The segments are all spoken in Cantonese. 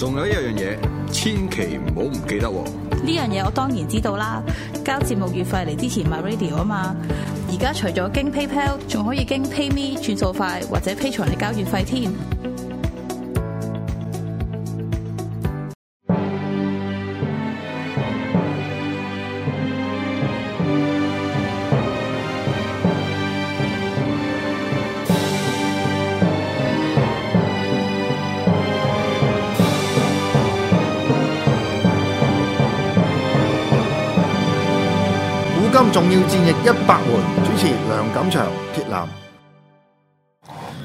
仲有一樣嘢，千祈唔好唔記得喎！呢樣嘢我當然知道啦，交節目月費嚟支持 MyRadio 啊嘛！而家除咗經 PayPal，仲可以經 PayMe 轉數快，或者 Patreon 嚟交月費添。重要戰役一百回，主持梁錦祥，鐵男。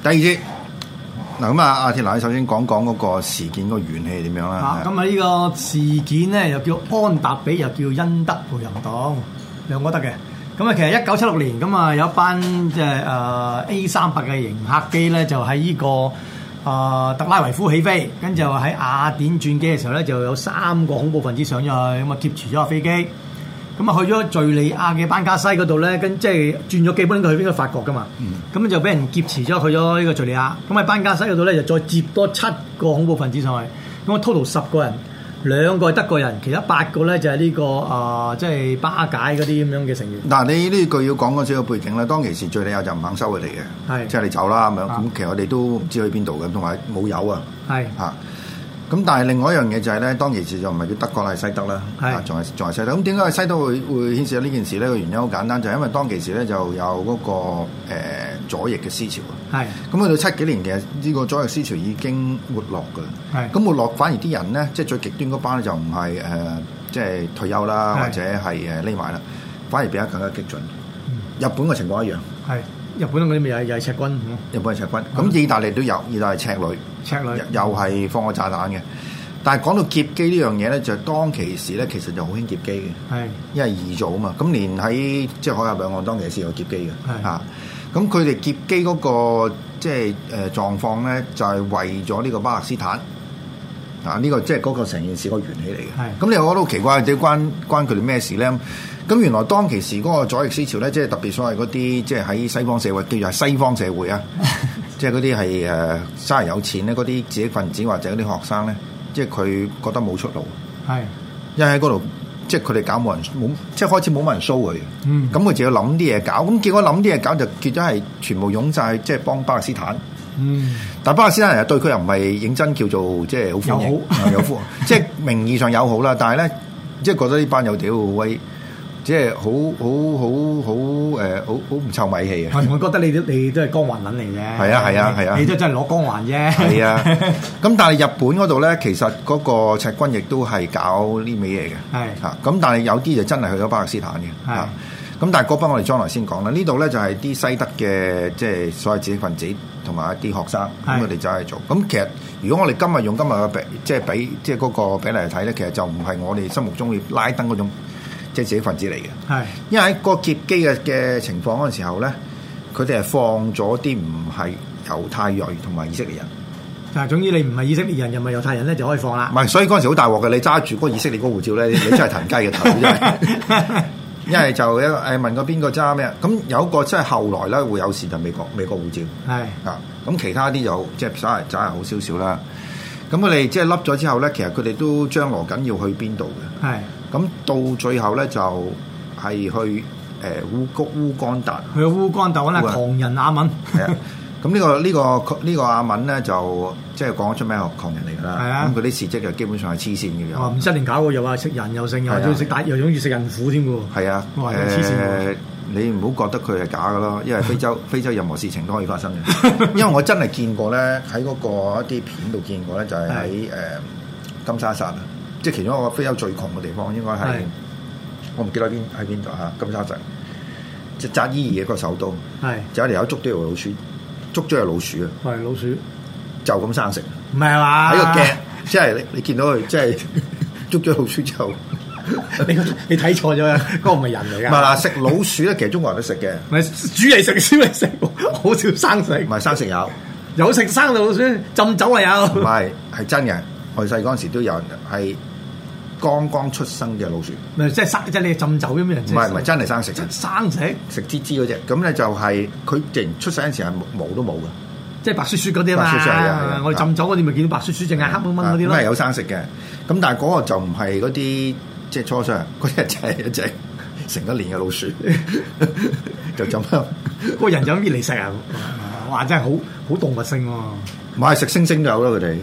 第二節。嗱，咁啊，阿鐵男，你首先講講嗰個事件嗰個元氣點樣啦？啊，咁啊，呢個事件咧又叫安特比，又叫恩德培行動，兩個得嘅。咁啊，其實一九七六年咁啊，有一班即係誒 A 三百嘅型客機咧，就喺呢個誒特拉維夫起飛，跟住就喺雅典轉機嘅時候咧，就有三個恐怖分子上咗去，咁啊劫持咗架飛機。咁啊去咗敍利亞嘅班加西嗰度咧，跟，即係轉咗基本佢去邊個法國噶嘛？咁、嗯、就俾人劫持咗去咗呢個敍利亞。咁喺班加西嗰度咧，就再接多七個恐怖分子上去，咁我 total 十個人，兩個係德國人，其他八個咧就係呢、這個啊、呃，即係巴解嗰啲咁樣嘅成員。嗱，你呢句要講嗰少個背景呢，當其時敍利亞就唔肯收佢哋嘅，即係、就是、你走啦咁樣。咁其實我哋都唔知道去邊度嘅，同埋冇油啊。咁但係另外一樣嘢就係、是、咧，當其時就唔係叫德國啦，係西德啦，仲係仲係西德。咁點解係西德會會牽涉到呢件事呢？個原因好簡單，就係、是、因為當其時咧就有嗰、那個誒、呃、左翼嘅思潮。係。咁去到七幾年，其實呢個左翼思潮已經沒落嘅。係。咁沒落，反而啲人咧，即係最極端嗰班咧，就唔係誒，即係退休啦，或者係誒匿埋啦，反而變得更加激進。嗯、日本嘅情況一樣。係。日本嗰啲咪又係又係赤軍？日本係赤軍。咁、嗯、意大利都有，意大利是赤旅。又係放個炸彈嘅，但係講到劫機呢樣嘢咧，就是、當其時咧，其實就好興劫機嘅，因為易做啊嘛。咁連喺即係海峽兩岸當其時有劫機嘅，嚇、啊。咁佢哋劫機嗰、那個即係誒狀況咧，就係、是、為咗呢個巴勒斯坦啊，呢、這個即係嗰個成件事個源起嚟嘅。咁你又覺得好奇怪，即係關關佢哋咩事咧？咁原來當其時嗰個左翼思潮咧，即、就、係、是、特別所謂嗰啲即係喺西方社會，叫做係西方社會啊。 即係嗰啲係誒，生人有錢咧，嗰啲自己份子或者嗰啲學生咧，即係佢覺得冇出路，係因為喺嗰度，即係佢哋搞冇人冇，即係開始冇乜人 show 佢。嗯，咁佢就要諗啲嘢搞，咁結果諗啲嘢搞就結咗係全部擁晒，即係幫巴勒斯坦。嗯，但巴勒斯坦人對佢又唔係認真叫做即係好歡迎友好、 呃、有 即係名義上友好啦，但係咧即係覺得呢班友屌威。即係好好好好誒，好好唔臭米氣啊！係唔會覺得你你都係光環撚嚟啫。係啊係啊係啊！你都真係攞光環啫。係啊。咁但係日本嗰度咧，其實嗰個赤軍亦都係搞呢味嘢嘅。係。嚇！咁但係有啲就真係去咗巴勒斯坦嘅。係。咁但係嗰筆我哋將來先講啦。呢度咧就係啲西德嘅即係所有知識分子同埋一啲學生咁，佢哋就係做。咁其實如果我哋今日用今日嘅比即係比即係嗰個比例嚟睇咧，其實就唔係我哋心目中嘅拉登嗰種。即、就、係、是、自己份子嚟嘅，因為喺個劫機嘅嘅情況嗰陣時候咧，佢哋係放咗啲唔係猶太裔同埋以色列人。但係總之你唔係以色列人又唔係猶太人咧，就可以放啦。唔係，所以嗰陣時好大鑊嘅。你揸住個以色列個護照咧， 你真係騰雞嘅頭， 因係。一係就一誒問過邊個揸咩？咁有一個即係後來咧會有事就美國美國護照。係啊，咁其他啲就好，即係稍係稍係好少少啦。咁我哋即係笠咗之後咧，其實佢哋都將羅緊要去邊度嘅。係。咁到最後咧就係去誒、呃、烏谷烏干達，去烏干達揾下狂人阿敏，係啊！咁呢、 呢個呢、呢個呢、呢個阿敏咧就即係講得出咩叫狂人嚟㗎啦？咁佢啲事蹟就基本上係黐線嘅。哦，唔失年搞嘅又話食人又剩又中意食大又中意食人婦添㗎喎。係啊，誒、呃、你唔好覺得佢係假嘅咯，因為非洲 非洲任何事情都可以發生嘅。因為我真係見過咧，喺嗰個一啲片度見過咧，就係喺誒金沙薩。即係其中一個非洲最窮嘅地方應該，應該係我唔記得喺邊喺邊度吓，金沙薩，即扎伊爾嘅首都。係就一條友捉到條老鼠，捉咗條老鼠啊！係老鼠就咁生食，唔係嘛？喺個鏡，即係你你見到佢，即係捉咗老鼠之後 你你睇錯咗啊，嗰個唔係人嚟噶。嗱，食老鼠咧，其實中國人都食嘅，唔咪煮嚟食先，嚟食，好少生食。唔係生食有，有食生老鼠浸酒啊有，唔係係真嘅。我細嗰陣時都有人係剛剛出生嘅老鼠，咪即係生，即係你浸酒咁咩？唔係唔係，真係生食，生食食吱吱嗰隻。咁咧就係佢淨出世嗰陣時係毛都冇嘅，即係白雪雪嗰啲啊嘛。白雪雪我哋浸酒嗰啲咪見到白雪雪隻眼、啊、黑蚊蚊嗰啲咯。咁有生食嘅，咁但係嗰個就唔係嗰啲即係初生，嗰、那、啲、個、一隻成一年嘅老鼠 就咁浸樣了， 個人有面嚟食啊！哇，真係好好動物性喎、啊。咪食猩猩狗囉佢哋。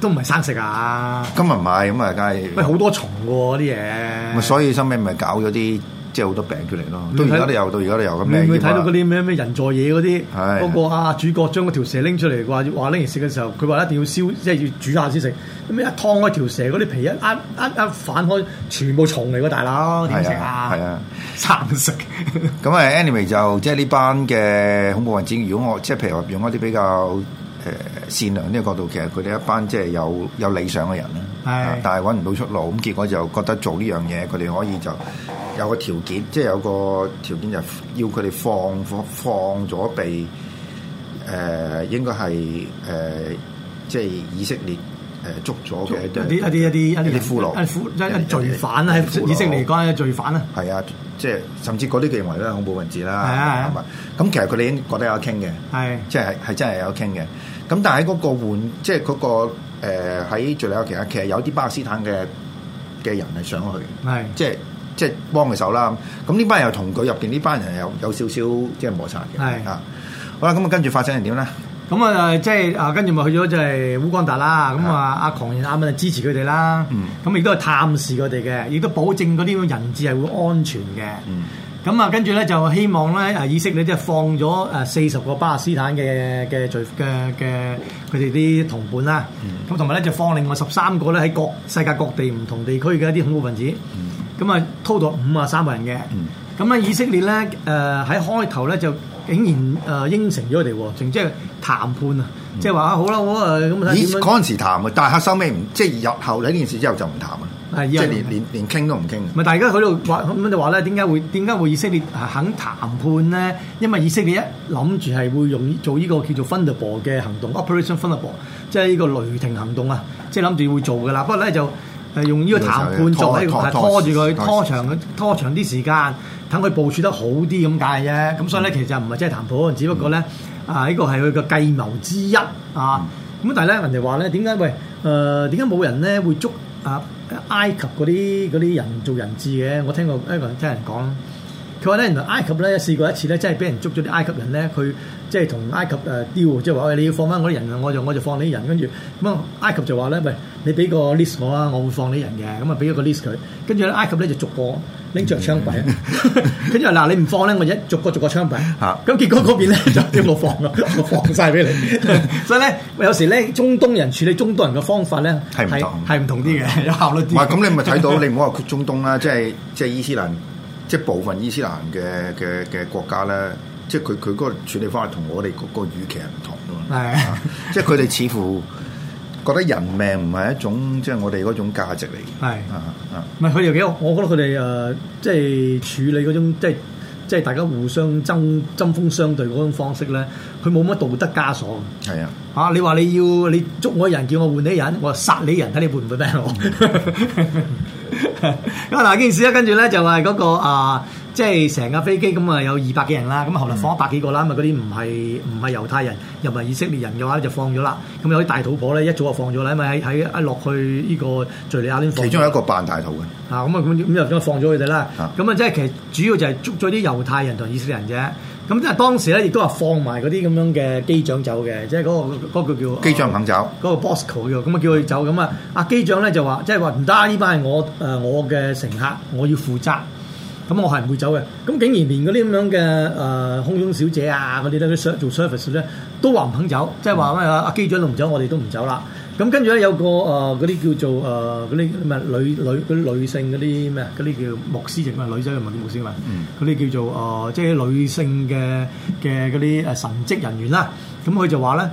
都唔係生食啊！今日唔係咁啊，梗係。喂，好多蟲喎啲嘢。咪所以收尾咪搞咗啲即係好多病出嚟咯。到而家都有到而家都有咁樣。你會睇到嗰啲咩咩人在野嗰啲？係。嗰、嗰個啊主角將嗰條蛇拎出嚟，話話拎嚟食嘅時候，佢話一定要燒，即係要煮下先食。咁一劏開嗰條蛇嗰啲皮一壓壓壓反開，全部蟲嚟嘅大佬，點食啊？係啊，生食。咁 啊 anyway 就即係呢班嘅恐怖發展。如果我即係譬如話用一啲比較。誒善良呢個角度，其實佢哋一班即係有有理想嘅人咧，係，但係揾唔到出路，咁結果就覺得做呢樣嘢，佢哋可以就有個條件，即係有個條件就係要佢哋放放放咗被誒、呃，應該係誒、呃，即係以色列。誒捉咗嘅一啲一啲一啲一啲俘虜，罪犯喺以色列嚟講，一罪犯啊！係啊，即係甚至嗰啲認為咧恐怖分子啦，係啊，係咁其實佢哋已經覺得有傾嘅，係即係係真係有傾嘅。咁但係喺嗰個換，即係嗰個喺敘利亞期間，其實有啲巴勒斯坦嘅嘅人係想去，係即係即係幫佢手啦。咁呢班人又同佢入邊呢班人有有少少即係摩擦嘅，係啊。好啦，咁啊跟住發生係點咧？咁、呃、啊，即係啊，跟住咪去咗即係烏干達啦。咁、嗯、啊，阿狂人阿敏支持佢哋啦。咁亦都係探視佢哋嘅，亦都保證嗰啲人質係會安全嘅。咁、嗯、啊，跟住咧就希望咧，以色列即係放咗誒四十個巴勒斯坦嘅嘅罪嘅嘅佢哋啲同伴啦。咁同埋咧就放另外十三個咧喺各世界各地唔同地區嘅一啲恐怖分子。咁啊，total 五啊三個人嘅。咁、嗯、啊，以色列咧誒喺開頭咧就。竟然誒應承咗佢哋喎，成即係談判啊、嗯，即係話啊好啦，好誒咁睇點樣？嗰陣時談嘅，但係後收尾唔即係入後喺呢件事之後就唔談啊，即係連連連傾都唔傾。咪大家喺度話咁樣就話咧，點解會點解會以色列肯談判咧？因為以色列一諗住係會用做呢個叫做 Thunderball 嘅行動 Operation Thunderball，即係呢個雷霆行動啊，即係諗住會做嘅啦。不過咧就，係用呢個談判作為拖住佢拖，拖，拖，拖，拖長拖長啲時間，等佢部署得好啲咁解嘅啫。咁、嗯、所以咧，其實唔係真係談判，只不過咧、嗯、啊，呢個係佢嘅計謀之一、嗯、啊。咁但係咧，人哋話咧，點解，喂誒點解冇人咧會捉啊埃及嗰啲啲人做人質嘅？我聽過一個人聽人講，佢話咧原來埃及咧試過一次咧，真係俾人捉咗啲埃及人咧，佢即係同埃及誒、呃、丟，即係話你要放翻嗰啲人，我就我就放你啲人，跟住咁埃及就話咧咪。喂你俾個 list 我啊，我會放你人嘅，咁啊俾咗個 list 佢，跟住咧埃及咧就逐個拎着槍柄，跟住嗱你唔放咧，我一逐個逐個槍柄嚇，咁、啊、結果嗰邊咧就一路放啊，我放晒俾你，啊、 所以咧有時咧中東人處理中東人嘅方法咧係唔同嘅，係唔同啲嘅，有效率啲。咁， 你咪睇到你唔好話中東啦，即係即係伊斯蘭，即、就、係、是、部分伊斯蘭嘅嘅嘅國家咧，即係佢佢嗰個處理方法跟我們語不同我哋嗰個預期係唔同嘅嘛，係，啊、 即係佢哋似乎。覺得人命唔係一種即係、就是、我哋嗰種價值嚟嘅，係啊啊！唔係佢哋幾好，我覺得佢哋誒即係處理嗰種即係即係大家互相爭針，針鋒相對嗰種方式咧，佢冇乜道德枷鎖嘅，係啊！啊，你話你要你捉我的人叫我換你的人，我殺你的人睇你換唔換得我。咁、嗯、嗱、 啊，件事咧，跟住咧就係、是、嗰、那個啊。即係成架飛機咁啊，有二百幾人啦，咁啊，後來放一百幾個啦，咁、嗯、啊，嗰啲唔係唔係猶太人又唔係以色列人嘅話就放咗啦。咁有啲大肚婆咧，一早就放咗啦，咪喺喺一落去呢個敍利亞呢？其中有一個扮大肚嘅啊，咁啊，咁咁又放咗佢哋啦。咁啊，即係其實主要就係捉咗啲猶太人同以色列人啫。咁即係當時咧，亦都係放埋嗰啲咁樣嘅機長走嘅，即係嗰、嗰個嗰個叫機長肯走嗰個 Bosco 嘅，咁啊叫佢走。咁啊，阿機長咧就話，即係話唔得，呢班係我誒我嘅乘客，我要負責。咁我係唔會走嘅，咁竟然連嗰啲咁樣嘅、呃、空中小姐啊，嗰啲咧啲做 service 咧都話唔肯走，即係話咩啊？阿機長都唔走，我哋都唔走啦。咁、那個、跟住咧有個嗰啲、呃、叫做嗰啲、呃、女女啲女性嗰啲咩嗰啲叫牧師型啊，女仔又唔係啲牧師啊嘛，嗰啲、嗯、叫做即係、呃就是、女性嘅嘅嗰啲神職人員啦，咁佢就話咧。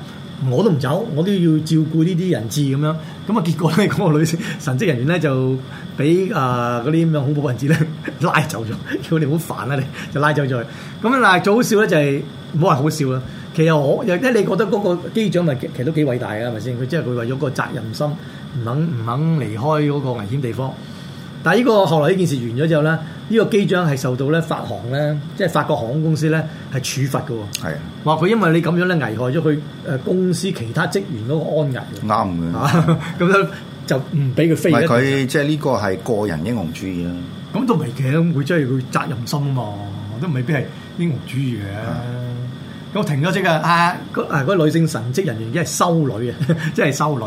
我都唔走，我都要照顧呢啲人質咁樣。咁啊，結果咧，嗰個女神職人員咧就俾啊嗰啲咁樣恐怖分子咧拉走咗，叫你好煩啦，你就拉走咗。咁啊，但係最好笑咧就係唔好話好笑啦。其實我又即係你覺得嗰個機長咪其實都幾偉大㗎，係咪先？佢即係佢為咗個責任心，唔肯唔肯離開嗰個危險地方。但係呢個後來呢件事完咗之後咧，呢、呢個機長係受到咧法航咧，即係法國航空公司咧係處罰嘅喎。啊，話佢因為你咁樣咧，危害咗佢公司其他職員嗰個安危。啱嘅，咁、啊、樣 就唔俾佢飛。唔係佢，即係呢個係個人英雄主義啦。咁都唔係嘅，會將佢責任心喎，都未必係英雄主義嘅、啊。的那我停咗即係啊，嗰、那、啊、個、女性神職人員即係修女啊，即係修女，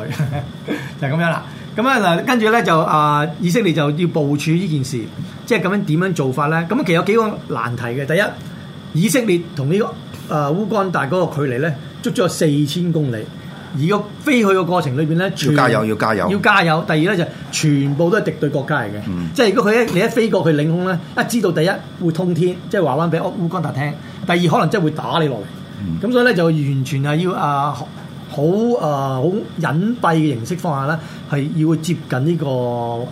女 就係咁樣啦。咁啊嗱，跟住咧就啊，以色列就要部署呢件事，即係咁樣點樣做法咧？咁其實有幾個難題嘅。第一，以色列同呢、這個啊、呃、烏干達嗰個距離咧，足足有四千公里，而個飛去嘅過程裏邊咧，要加油，要加油，要加油。第二咧就全部都係敵對國家嚟嘅、嗯，即係如果佢一你一飛過佢領空咧，一知道第一會通天，即係話翻俾烏干達聽；第二可能真係會打你落嚟。咁、嗯、所以咧就完全係要啊好啊，好、呃、隱蔽嘅形式放下咧，係要接近呢、這個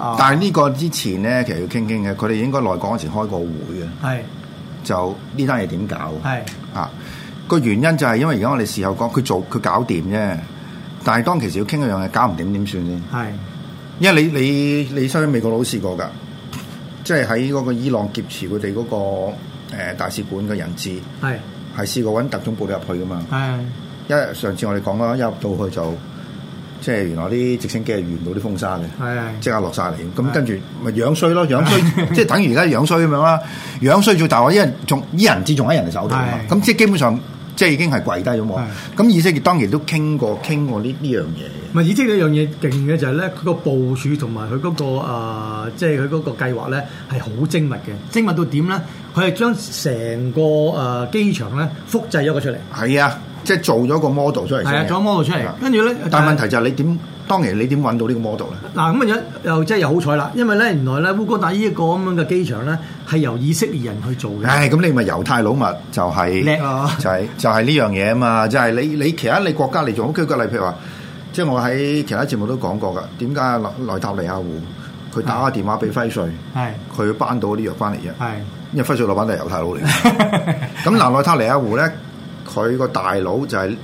啊。呃、但係呢個之前咧，其實要傾傾嘅，佢哋應該內港嗰時開過會嘅。係就呢單嘢點搞？係啊，個原因就係因為而家我哋事後講，佢做佢搞掂啫。但係當其時要傾一樣嘢，搞唔掂點算先？係因為你你你，你身美國佬試過㗎，即係喺嗰個伊朗劫持佢哋嗰個大使館嘅人質，係係試過揾特種部隊入去㗎嘛。係。因為上次我哋講啦，一入到去就即係原來啲直升機係遇唔到啲風沙嘅，即刻落晒嚟。咁跟住咪樣衰咯，樣衰即係、就是、等於而家樣衰咁樣啦。樣衰最大，我因為人，仲啲人質仲喺人哋手度嘛。咁即係基本上即係已經係跪低咗冇。咁以色列當然都傾過傾過呢呢樣嘢。咪意識呢樣嘢勁嘅就係、是、咧，佢個部署同埋佢嗰個即係佢嗰個計劃咧係好精密嘅，精密到點咧？佢係將成個啊、呃、機場咧複製咗個出嚟。係啊。即係做咗個 model 出嚟，係啊，做 model 出嚟，跟住咧，但係問題就係你點當然你點揾到個模呢個 model 咧？嗱，咁啊又又即係又好彩啦，因為咧原來咧烏干達依一個咁樣嘅機場咧係由以色列人去做嘅。唉、哎，咁你咪猶太佬物就係叻啊，就係、是啊、就係、是、呢、就是、樣嘢啊嘛，就係、是、你你其他你國家嚟做，舉個例譬如話，即係我喺其他節目都講過噶，點解內內塔尼亞胡佢打個電話俾輝瑞，係佢扳到啲藥翻嚟嘅！係因為輝瑞老闆係猶太佬嚟嘅。咁嗱，內塔尼亞胡咧。佢個大佬就係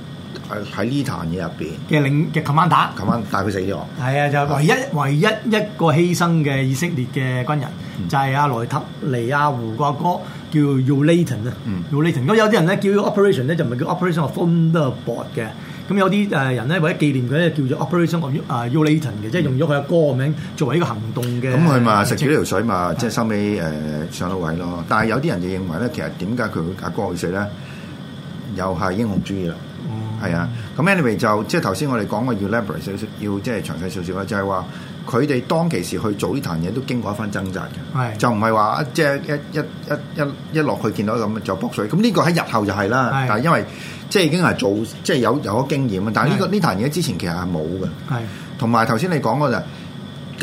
喺呢壇嘢入邊嘅領嘅 c o m m a n 佢死咗。係啊，就係唯一唯一一個犧牲嘅以色列嘅軍人，嗯、就係阿萊塔尼阿胡個哥叫 Ulaton 啊。Ulaton 咁、嗯嗯、有啲人咧叫，叫 Operation 咧就唔係叫 Operation t h u n d e r b o r d 嘅，咁有啲誒人咧為咗紀念佢咧叫做 Operation 阿 Ulaton 嘅、嗯，即係用咗佢阿歌個名作為一個行動嘅。咁佢咪食幾條水嘛？即係收尾誒上到位咯。但係有啲人就認為咧，其實點解佢阿哥會死咧？又係英雄主義啦，係、嗯、啊，咁 anyway 就即係頭先我哋講過要 elaborate 少少，要即係詳細少少啦，就係話佢哋當其時去做呢壇嘢都經過一番掙扎嘅，就唔係話即係一一一一一落去見到咁就卜水。咁呢個喺日後就係啦，但係因為即係已經係做即係有有咗經驗啊。但係、這、呢個呢壇嘢之前其實係冇嘅。係同埋頭先你講嘅就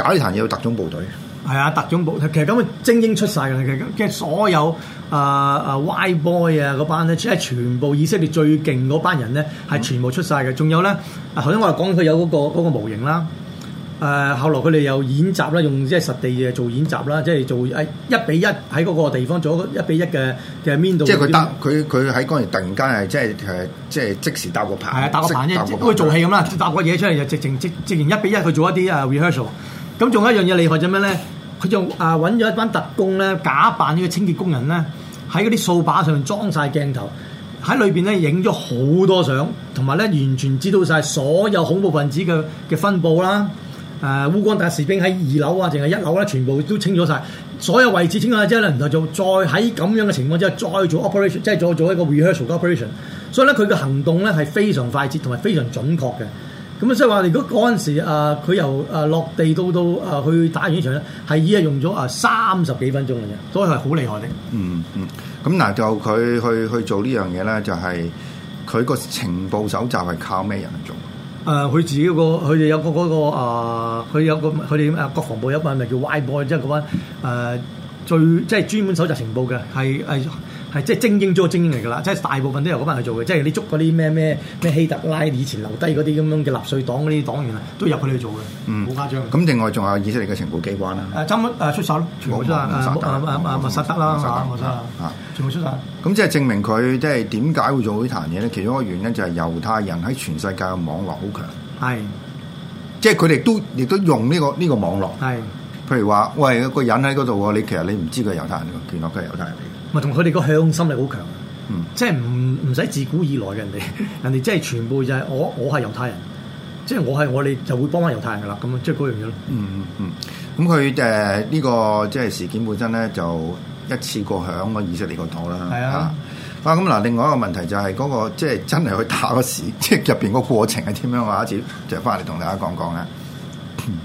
搞呢壇嘢要特種部隊。係啊，特種部其實咁嘅精英出晒嘅，其實即係所有啊啊 Y boy 啊嗰班咧，即係全部以色列最勁嗰班人咧，係全部出晒嘅。仲有咧，頭、啊、先我哋講佢有嗰、嗰個嗰個模型啦。誒、啊，後來佢哋又演習啦，用即係實地嘅做演習啦，即係做誒一比一喺嗰個地方做一比一嘅嘅面度。即係佢搭佢佢喺嗰陣突然間係即係誒，即係即時搭個棚。係啊，搭個棚，過棚即係會做戲咁啦，搭個嘢出嚟就直情直情一比一去做一啲誒 rehearsal。咁仲有一樣嘢厲害呢，他就咩咧？佢就啊揾咗一班特工咧，假扮呢個清潔工人咧，喺嗰啲掃把上裝晒鏡頭，喺裏邊咧影咗好多相，同埋咧完全知道晒所有恐怖分子嘅嘅分佈啦。誒、啊、烏干達士兵喺二樓啊，定係一樓咧，全部都清咗晒。所有位置清咗之後咧，然後就再喺咁樣嘅情況之下，再做 operation，即係再做一個 rehearsal operation。所以咧，佢嘅行動咧係非常快捷同埋非常準確嘅。咁啊，即係話，如果嗰陣時啊，佢由，啊、落地到到，啊、去打完場咧，係已經係用咗，啊、三十幾分鐘嘅啫，所以係好厲害嘅。嗯嗯。咁嗱，就佢去去做呢樣嘢咧，就係佢個情報搜集係靠咩人做的？誒、啊，佢自己個，佢哋有個嗰個佢有個，佢哋啊，呃、國防部有份咪叫外播，呃，即係嗰班誒最即係專門搜集情報嘅，係係。係即係精英中嘅精英嚟噶啦，即係大部分都由嗰班去做嘅。即係你捉嗰啲咩咩咩希特拉以前留低嗰啲咁樣嘅納粹黨嗰啲黨員啊，都入佢哋去做嘅。好、嗯、誇張。咁另外仲有以色列嘅情報機關啦。誒、啊，針、啊、出手，全部出曬、那個、啊啊啊莫薩德啦、啊、全部出曬。咁即係證明佢即係點解會做呢壇嘢咧？其中一個原因就係猶太人喺全世界嘅網絡好強。係。即係佢哋都亦都用呢、呢個呢、呢個網絡。係。譬如話，喂，個人喺嗰度喎，你其實你唔知佢猶太人㗎，原來都係猶太人嚟。咪同佢哋個向心力好強，嗯、即係唔唔使自古以來嘅人哋，人哋即係全部就係我我係猶太人，即係我係我哋就會幫翻猶太人噶啦，咁即係嗰樣嘢咯。嗯嗯咁佢誒呢個即係事件本身咧，就一次過響個以色列個度啦。係啊，啊咁嗱，另外一個問題就係嗰、嗰個即係真係去打個時，即係入邊個過程係點樣啊？一次就翻嚟同大家講講啊。嗯